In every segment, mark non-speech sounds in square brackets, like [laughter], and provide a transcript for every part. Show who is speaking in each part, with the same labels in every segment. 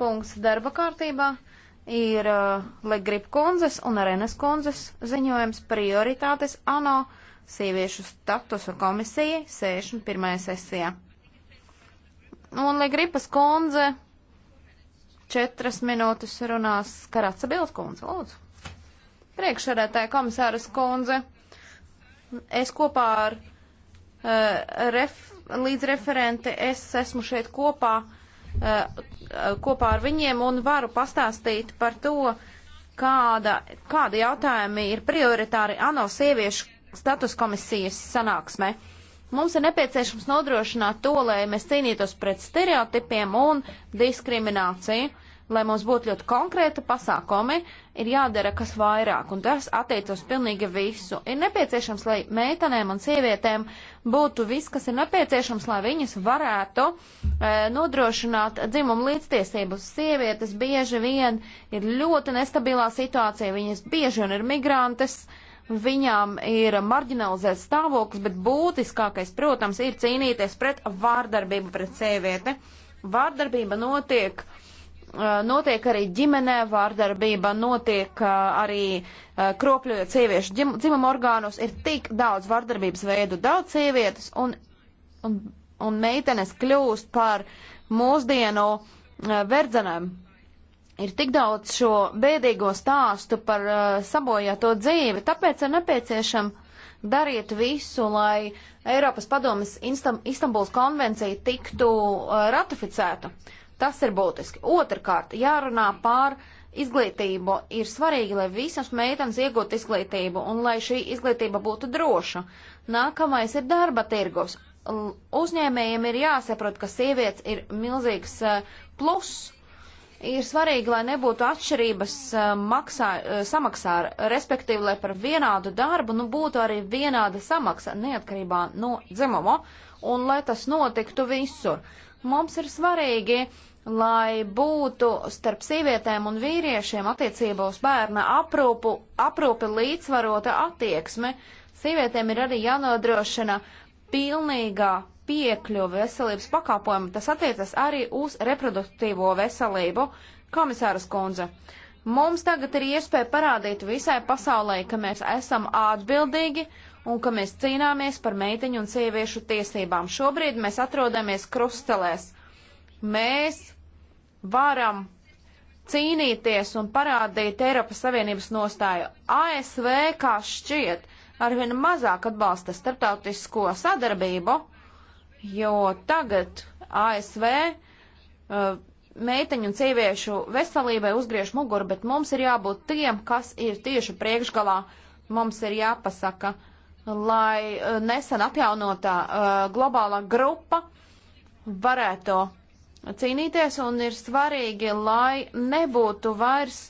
Speaker 1: punkts darba kārtībā ir uh, Legrip kundzes un Arenas kundzes ziņojums prioritātes ANO sieviešu statusu komisija 61. sesijā. Un Legripas kundze četras minūtes runās Karatsa Bils kundze, lūdzu. Priekšsēdētāja komisāras kundze, es kopā ar uh, ref, līdzreferenti, es esmu šeit kopā uh, Uh, kopā ar viņiem un varu pastāstīt par to, kāda, kāda jautājumi ir prioritāri ANO sieviešu status komisijas sanāksmē. Mums ir nepieciešams nodrošināt to, lai mēs cīnītos pret stereotipiem un diskrimināciju lai mums būtu ļoti konkrēti pasākumi, ir jādara kas vairāk, un tas attiecas pilnīgi visu. Ir nepieciešams, lai meitenēm un sievietēm būtu viss, kas ir nepieciešams, lai viņas varētu e, nodrošināt dzimumu līdztiesību. Sievietes bieži vien ir ļoti nestabilā situācija, viņas bieži vien ir migrantes. Viņām ir marginalizēts stāvoklis, bet būtiskākais, protams, ir cīnīties pret vārdarbību pret sievieti. Vārdarbība notiek uh, notiek arī ģimenē vārdarbība, notiek arī kropļojot sieviešu dzim, dzimumu orgānus, ir tik daudz vārdarbības veidu, daudz sievietes un, un, un meitenes kļūst par mūsdienu verdzenēm. Ir tik daudz šo bēdīgo stāstu par uh, sabojāto dzīvi, tāpēc ir nepieciešama dariet visu, lai Eiropas padomas Istambuls konvencija tiktu uh, ratificēta. Uh, Tas ir būtiski. Otrakārt, jārunā pār izglītību. Ir svarīgi, lai visas meitenes iegūtu izglītību un lai šī izglītība būtu droša. Nākamais ir darba tirgus. Uzņēmējiem ir jāsaprot, ka sievietes ir milzīgs eh, pluss. Ir svarīgi, lai nebūtu atšķirības eh, maksā, eh, samaksā, respektīvi, lai par vienādu darbu nu, būtu arī vienāda samaksa neatkarībā no dzimumu un lai tas notiktu visur. Mums ir svarīgi uh, lai būtu starp sievietēm un vīriešiem attiecībā uz bērna aprūpu, aprūpi līdzvarota attieksme. Sievietēm ir arī jānodrošina pilnīgā piekļuve veselības pakāpojumu. Tas attiecas arī uz reproduktīvo veselību. Komisāras kundze, mums tagad ir iespēja parādīt visai pasaulē, ka mēs esam atbildīgi un ka mēs cīnāmies par meiteņu un sieviešu tiesībām. Šobrīd mēs atrodamies krustelēs. Mēs varam cīnīties un parādīt Eiropas Savienības nostāju. ASV, kā šķiet, arvien mazāk atbalsta starptautisko sadarbību, jo tagad ASV uh, meiteņu un sieviešu veselībai uzgriež muguru, bet mums ir jābūt tiem, kas ir tieši priekšgalā. Mums ir jāpasaka, lai uh, nesen atjaunotā uh, globālā grupa varētu cīnīties, un ir svarīgi, lai nebūtu vairs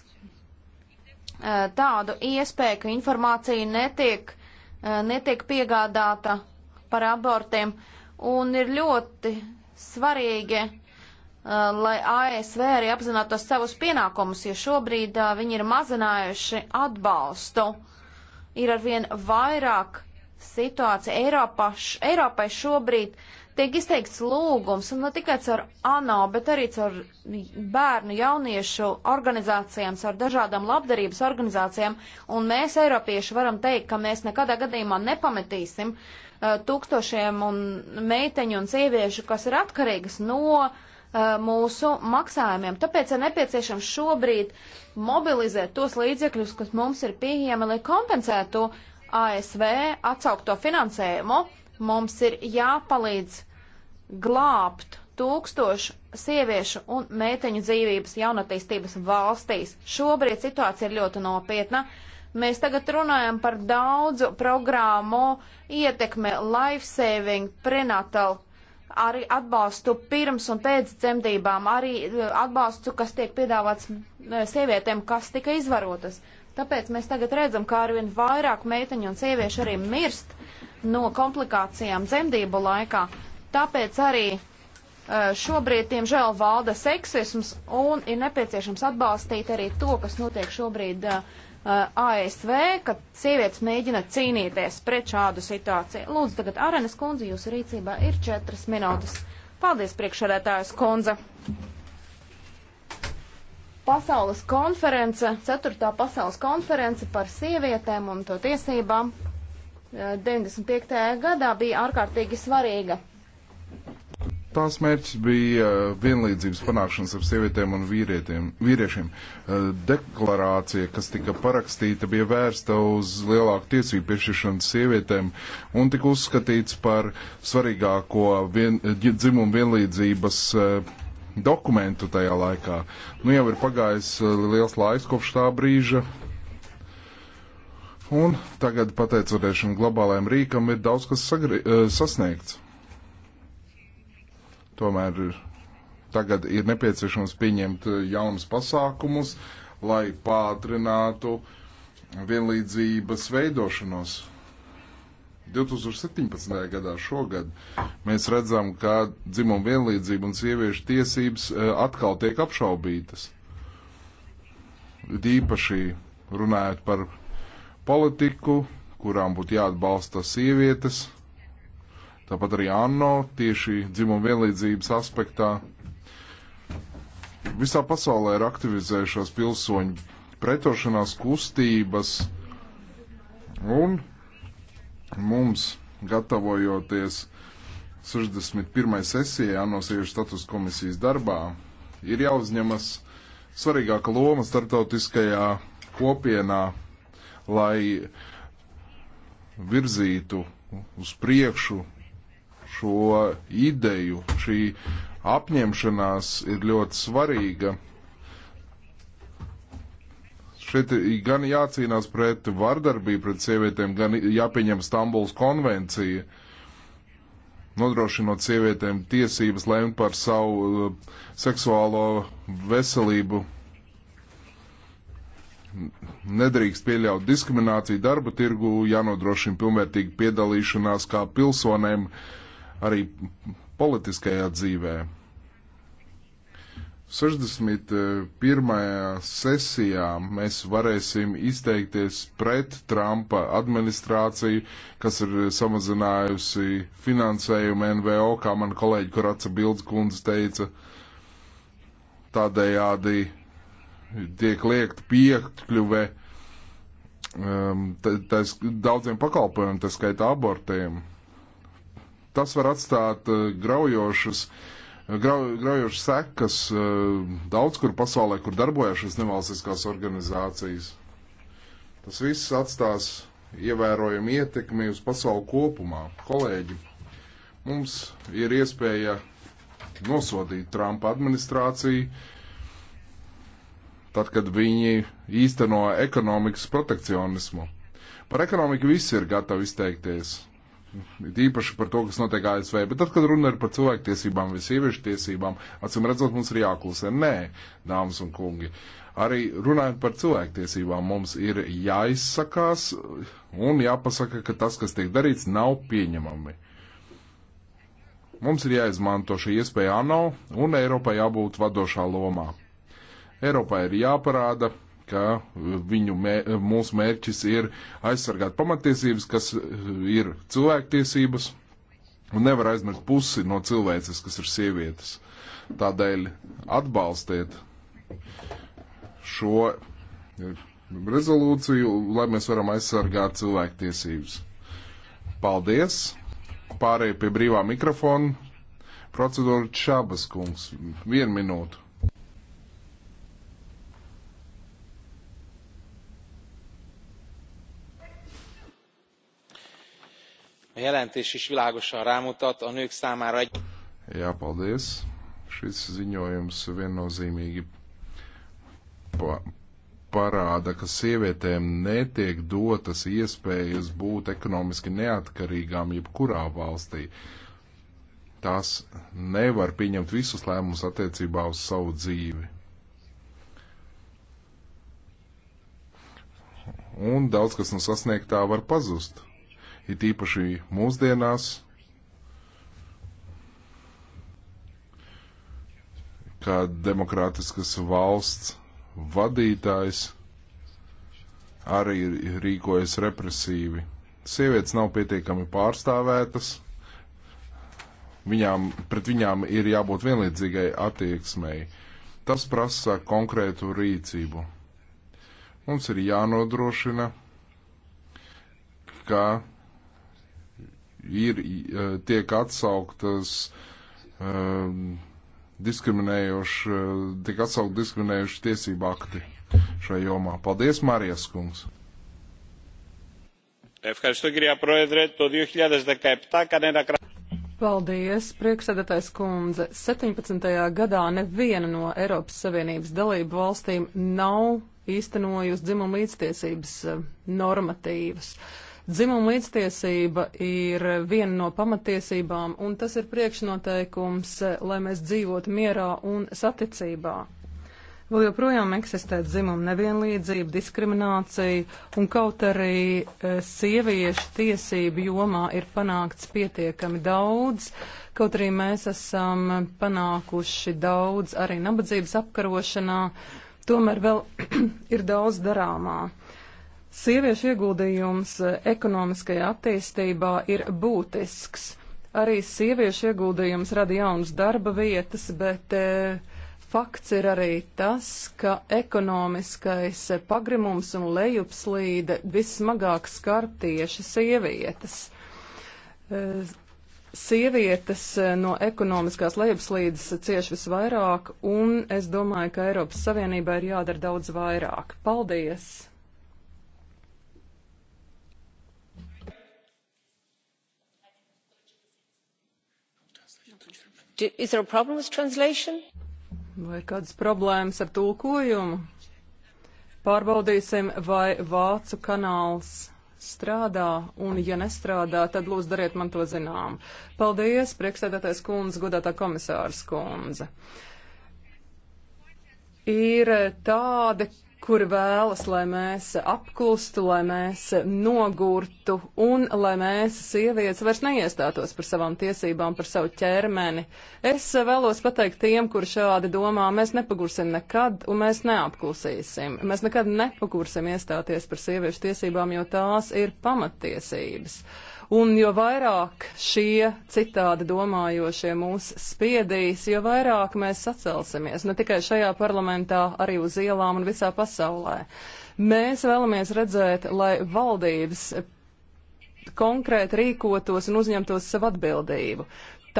Speaker 1: eh, tādu iespēju, ka informācija netiek, eh, netiek piegādāta par abortiem, un ir ļoti svarīgi, eh, lai ASV arī apzinātos savus pienākumus, jo šobrīd viņi ir mazinājuši atbalstu. Ir arvien vairāk situācija Eiropā, Eiropai šobrīd, tiek izteikts lūgums, un ne tikai caur ANO, bet arī caur bērnu jauniešu organizācijām, caur dažādām labdarības organizācijām, un mēs, Eiropieši, varam teikt, ka mēs nekadā gadījumā nepametīsim uh, tūkstošiem un meiteņu un sieviešu, kas ir atkarīgas no uh, mūsu maksājumiem. Tāpēc ir nepieciešams šobrīd mobilizēt tos līdzekļus, kas mums ir pieejami, lai kompensētu ASV atsaukto finansējumu. Mums ir jāpalīdz glābt tūkstošu sieviešu un meiteņu dzīvības jaunatīstības valstīs. Šobrīd situācija ir ļoti nopietna. Mēs tagad runājam par daudzu programmu ietekme, life saving, prenatal, arī atbalstu pirms un pēc dzemdībām, arī e, atbalstu, kas tiek piedāvāts e, sievietēm, kas tika izvarotas. Tāpēc mēs tagad redzam, kā arvien vairāk meiteņu un sieviešu arī mirst no komplikācijām dzemdību laikā. Tāpēc arī e, šobrīd, diemžēl, valda seksisms un ir nepieciešams atbalstīt arī to, kas notiek šobrīd uh, e, e, ASV, kad sievietes mēģina cīnīties pret šādu situāciju. Lūdzu, tagad Arenes kundze, jūsu rīcībā ir četras minūtes. Paldies, priekšsēdētājas kundze! Pasaules konference, ceturtā pasaules konference par sievietēm un to tiesībām 95. gadā bija ārkārtīgi svarīga.
Speaker 2: Tās mērķis bija uh, vienlīdzības panākšanas ar sievietēm un vīriešiem. Uh, deklarācija, kas tika parakstīta, bija vērsta uz lielāku tiesību piešķiršanu sievietēm un tika uzskatīts par svarīgāko vien, dzimumu vienlīdzības uh, dokumentu tajā laikā. Nu jau ir pagājis liels laiks kopš tā brīža, Un tagad, pateicoties šim globālajam rīkam, ir daudz kas sagri, eh, sasniegts. Tomēr tagad ir nepieciešams pieņemt eh, jaunus pasākumus, lai pātrinātu vienlīdzības veidošanos. 2017. gadā šogad mēs redzam, ka dzimuma vienlīdzība un sieviešu tiesības eh, atkal tiek apšaubītas. Īpaši runājot par politiku, kurām būtu jāatbalsta sievietes, tāpat arī ANO tieši dzimuma vienlīdzības aspektā. Visā pasaulē ir aktivizējušās pilsoņu pretošanās kustības, un mums, gatavojoties 61. sesijai ANO sieviešu status komisijas darbā, ir jāuzņemas svarīgāka loma starptautiskajā kopienā lai virzītu uz priekšu šo ideju. Šī apņemšanās ir ļoti svarīga. Šeit gan jācīnās pret vardarbību pret sievietēm, gan jāpieņem Stambuls konvencija, nodrošinot sievietēm tiesības lemt par savu eh, seksuālo veselību Nedrīkst pieļaut diskrimināciju darba tirgu, jānodrošina pilnvērtīga piedalīšanās kā pilsonēm arī politiskajā dzīvē. 61. sesijā mēs varēsim izteikties pret Trumpa administrāciju, kas ir samazinājusi finansējumu NVO, kā man kolēģi Koraca Bildskundze teica. Tādējādi tiek liekt piekļuve um, tais, daudziem pakalpojumiem, tas skaitā abortiem. Tas var atstāt uh, graujošas, grau, graujošas sekas uh, daudz kur pasaulē, kur darbojas šīs nevalstiskās organizācijas. Tas viss atstās ievērojumu ietekmi uz pasauli kopumā. Kolēģi, mums ir iespēja nosodīt Trumpa administrāciju, uh, tad, kad viņi īsteno ekonomikas protekcionismu. Par ekonomiku visi ir gatavi izteikties. It īpaši par to, kas notiek ASV, bet tad, kad runa ir par cilvēktiesībām vai sieviešu tiesībām, acīm redzot, mums ir jāklusē. Nē, dāmas un kungi, arī runājot par cilvēktiesībām, mums ir jāizsakās un jāpasaka, ka tas, kas tiek darīts, nav pieņemami. Mums ir jāizmanto šī iespēja ANO un Eiropai jābūt vadošā lomā. Eiropā ir jāparāda, ka viņu mēr, mūsu mērķis ir aizsargāt pamatiesības, kas ir cilvēktiesības, un nevar aizmirst pusi no cilvēces, kas ir sievietes. Tādēļ atbalstiet šo rezolūciju, lai mēs varam aizsargāt cilvēktiesības. Paldies! Pārējie pie brīvā mikrofona. Procedūra Čabas kungs. Vienu minūtu.
Speaker 1: A jelentés is világosan rámutat a nők számára egy...
Speaker 2: Jā, paldies. Šis ziņojums viennozīmīgi pa parāda, ka sievietēm netiek dotas iespējas būt ekonomiski neatkarīgām jebkurā valstī. Tās nevar pieņemt visus lēmumus attiecībā uz savu dzīvi. Un daudz kas no sasniegtā var pazust it īpaši mūsdienās, kā demokrātiskas valsts vadītājs arī rīkojas represīvi. Sievietes nav pietiekami pārstāvētas, viņām, pret viņām ir jābūt vienlīdzīgai attieksmei. Tas prasa konkrētu rīcību. Mums ir jānodrošina, ka ir, e, tiek atsauktas um, diskriminējoši, e, tiek atsaukt diskriminējoši tiesību akti šajā jomā. Paldies, Marijas kungs!
Speaker 3: Paldies, priekšsēdētājs kundze. 17. gadā neviena no Eiropas Savienības dalību valstīm nav īstenojusi dzimumu līdztiesības normatīvas. Uh, Dzimuma līdztiesība ir viena no pamatiesībām, un tas ir priekšnoteikums, eh, lai mēs dzīvotu mierā un saticībā. Vēl joprojām eksistē dzimuma nevienlīdzība, diskriminācija, un kaut arī eh, sieviešu tiesību jomā ir panākts pietiekami daudz, kaut arī mēs esam panākuši daudz arī nabadzības apkarošanā, tomēr vēl [clears throat] ir daudz darāmā. Sieviešu ieguldījums eh, ekonomiskajā attīstībā ir būtisks. Arī sieviešu ieguldījums rada jaunas darba vietas, bet e, fakts ir arī tas, ka ekonomiskais pagrimums un lejupslīde vismagāk skar tieši sievietes. E, sievietes no ekonomiskās lejupslīdes cieš visvairāk, un es domāju, ka Eiropas Savienībai ir jādara daudz vairāk. Paldies! Do, is there a problem with translation? Vai kādas problēmas ar tulkojumu? Pārbaudīsim, vai vācu kanāls strādā, un ja nestrādā, tad lūdzu dariet man to zinām. Paldies, priekšsēdētais kundze, godātā komisārs kundze. Ir tādi, kuri vēlas, lai mēs apkulstu, lai mēs nogurtu un lai mēs sievietes vairs neiestātos par savām tiesībām, par savu ķermeni. Es vēlos pateikt tiem, kuri šādi domā, mēs nepagursim nekad un mēs neapklusīsim. Mēs nekad nepagursim iestāties par sieviešu tiesībām, jo tās ir pamattiesības. Un jo vairāk šie citādi domājošie mūs spiedīs, jo vairāk mēs sacelsimies ne tikai šajā parlamentā, arī uz ielām un visā pasaulē. Mēs vēlamies redzēt, lai valdības konkrēti rīkotos un uzņemtos savu atbildību.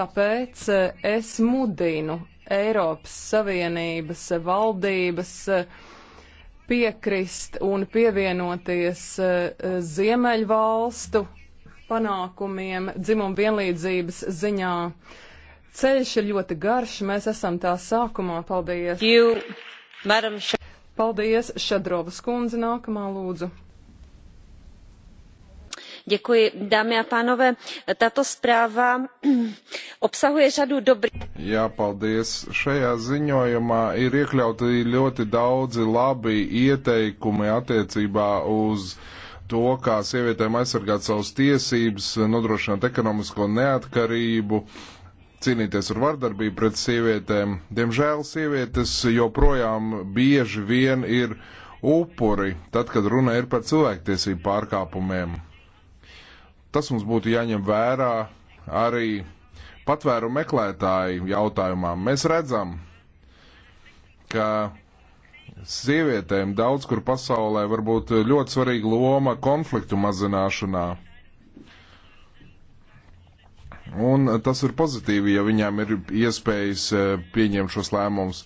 Speaker 3: Tāpēc eh, es mudinu Eiropas Savienības valdības eh, piekrist un pievienoties eh, Ziemeļvalstu panākumiem dzimumu vienlīdzības ziņā. Ceļš ir ļoti garš, mēs esam tā sākumā. Paldies! You, Paldies, Šadrovas kundze, nākamā lūdzu. Děkuji, dámy a pánové. Tato zpráva
Speaker 1: [clears throat] obsahuje řadu dobrých.
Speaker 2: Jā, paldies. Šajā ziņojumā ir iekļauti ļoti daudzi labi ieteikumi attiecībā uz uh, to, kā sievietēm aizsargāt savas tiesības, nodrošināt ekonomisko neatkarību, cīnīties ar vardarbību pret sievietēm. Diemžēl sievietes joprojām bieži vien ir upuri, tad, kad runa ir par cilvēktiesību pārkāpumiem. Tas mums būtu jāņem vērā arī patvēru meklētāju jautājumā. Mēs redzam, ka Sievietēm daudz kur pasaulē var būt ļoti svarīga loma konfliktu mazināšanā. Un tas ir pozitīvi, ja viņām ir iespējas eh, pieņemt šos lēmumus.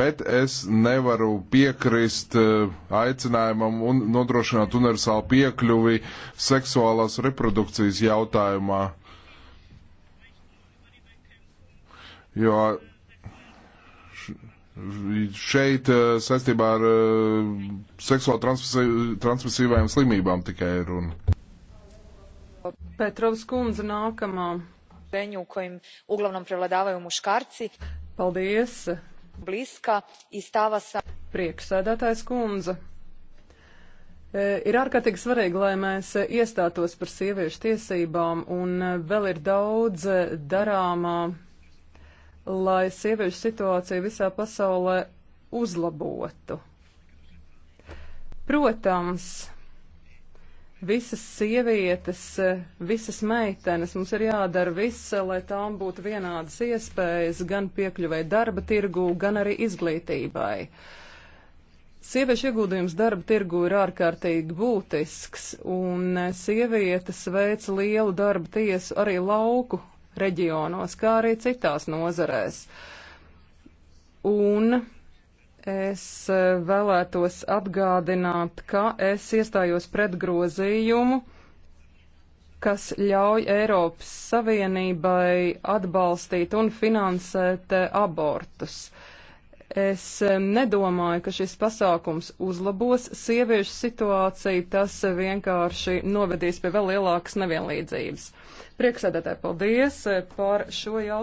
Speaker 2: Bet es nevaru piekrist eh, aicinājumam un nodrošināt universālu piekļuvi seksuālās reprodukcijas jautājumā. Jo šeit eh, saistībā ar eh, seksuāli transmisīvajām slimībām tikai runa.
Speaker 3: Petrovs kundze nākamā. Peņu, kojim uglavnom prevladavaju muškarci. Paldies. Bliska izstāva sa. Priekšsēdētājs kundze. E, ir ārkārtīgi svarīgi, lai mēs iestātos par sieviešu tiesībām, un e, vēl ir daudz e, darāmā lai sieviešu situāciju visā pasaulē uzlabotu. Protams, visas sievietes, visas meitenes, mums ir jādara viss, lai tām būtu vienādas iespējas gan piekļuvai darba tirgū, gan arī izglītībai. Sieviešu ieguldījums darba tirgu ir ārkārtīgi būtisks, un sievietes veic lielu darba tiesu arī lauku reģionos, kā arī citās nozarēs. Un es e, vēlētos atgādināt, ka es iestājos pret grozījumu, kas ļauj Eiropas Savienībai atbalstīt un finansēt e, abortus. Uh, Es nedomāju, ka šis pasākums uzlabos sieviešu situāciju, tas vienkārši novedīs pie vēl lielākas nevienlīdzības. Prieksēdētāji, paldies eh, par šo jautājumu.